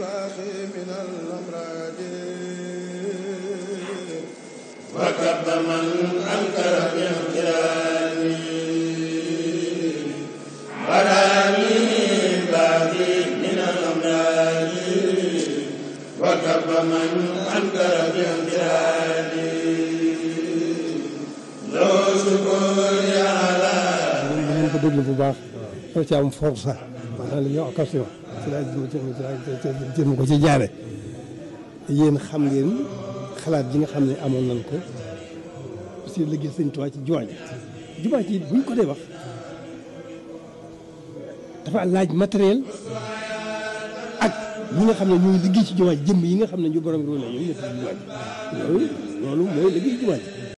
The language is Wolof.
الباقي من الأمراض وكب من أنكر بانقلال براني باقي من الأمراض وكب من أنكر بانقلال لو شكر يا الله. déglu bu baax. doo ci am force. maanaam li ñuy occasion. ci laa ci ma ko ci jaare yéen xam ngeen xalaat ji nga xam ne amoon nañ ko si liggéey sëñ Tuubaa ci jumaa ji jumaa ji buñ ko dee wax dafa laaj matériel ak ñi nga xam ne ñooy liggéey ci jumaa ji jëmm yi nga xam ne ñu borom roo la ñoom ñëpp ci jumaa ji loolu mooy liggéey ci